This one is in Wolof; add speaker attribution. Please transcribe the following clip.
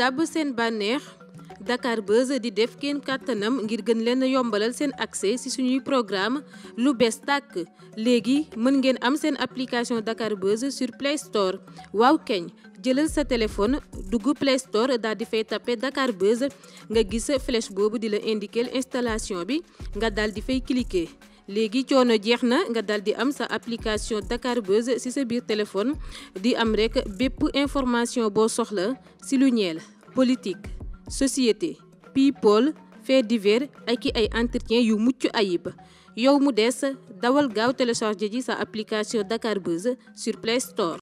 Speaker 1: dàbb seen bànneex Dakar Buzz di def kenn kàttanam ngir gën leen yombalal seen accès ci suñuy programme lu bees tàkk léegi mën ngeen am seen application Dakar Buzz sur Play Store waaw keñ jëlal sa téléphone dugg Play Store daal di fay tapé Dakar Buzz nga gis flèche boobu di la indiquer installation bi nga daal di fay cliquer. Les coono jeex nga daldi am sa application Dakar Buzz ci sa biir téléphone di am rek bépp information bo soxla ci lu ñeel politique société people fait divers ak ki ay entretien yu muccu ayib yow mu dess dawal gaaw télécharger ji sa application Dakar Buzz
Speaker 2: sur Play Store